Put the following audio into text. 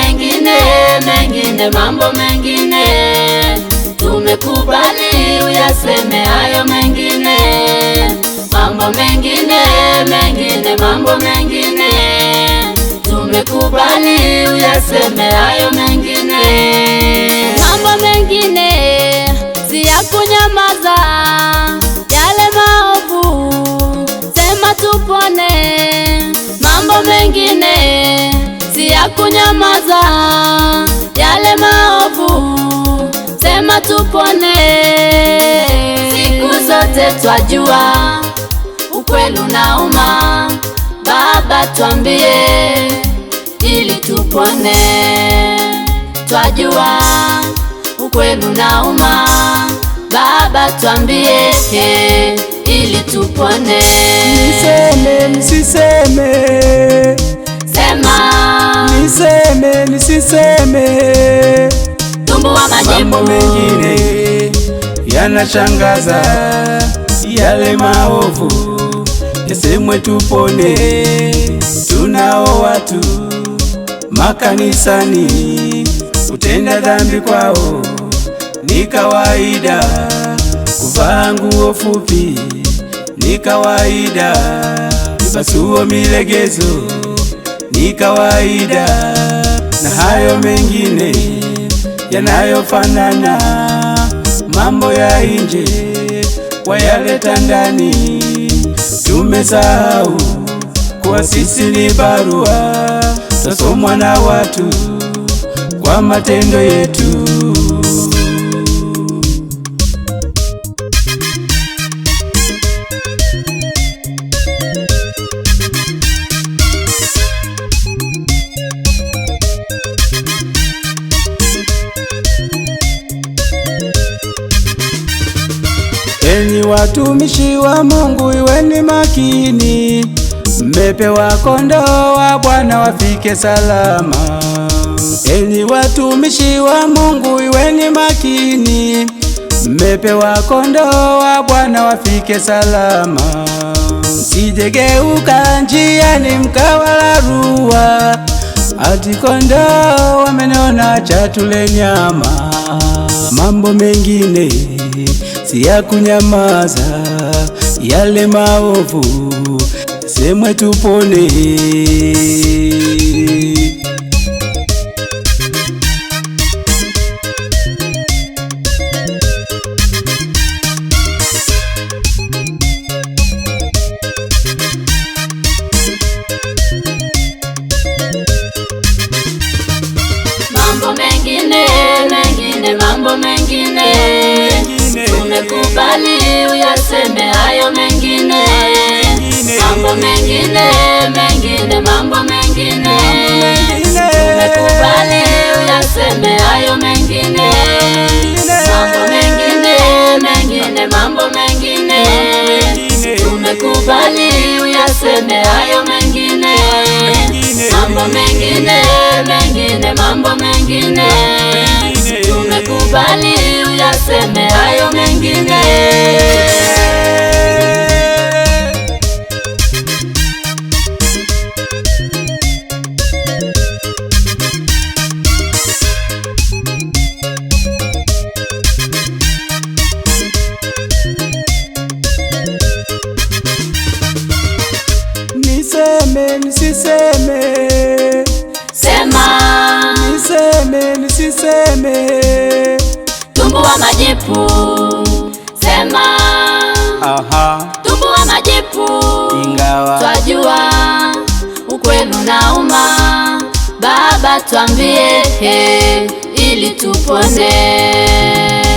mengine mengine, mambo mengine tumekubali uyaseme hayo mengine, mambo mengine mengine, mambo mengine tumekubali uyaseme hayo mengine nyamaza yale maovu, sema tupone. Siku zote twajua ukweli unauma, Baba twambie ili tupone. Twajua ukweli unauma, Baba twambie eh, ili tupone. Mseme msiseme nisiseme, nisiseme, mambo mengine yanashangaza, yale maovu yasemwe, tupone. Tunao watu makanisani, kutenda dhambi kwao ni kawaida, kuvaa nguo fupi ni kawaida, basuo milegezo ni kawaida na hayo mengine yanayofanana, mambo ya nje wayaleta ndani. Tumesahau kuwa sisi ni barua tasomwa na watu kwa matendo yetu. watumishi wa Mungu, iweni makini, mmepewa kondoo wa Bwana wafike salama. Enyi watumishi wa Mungu, iweni makini, mmepewa kondoo wa Bwana wafike salama. Sijegeuka njiani mkawalarua, ati kondoo wamenona chatule nyama. Mambo mengine si ya kunyamaza yale maovu, semwe tupone Kubali uyaseme hayo mengine, mambo mengine mengine, mambo mengine kubali uyaseme hayo mengine, mambo mengine mengine, mambo mengine tumekubali uyaseme hayo mengine niseme nisiseme, sema niseme nisiseme, wa majipu, sema aha, wa majipu, ingawa twajua ukwenu na uma Baba twambie, ili tupone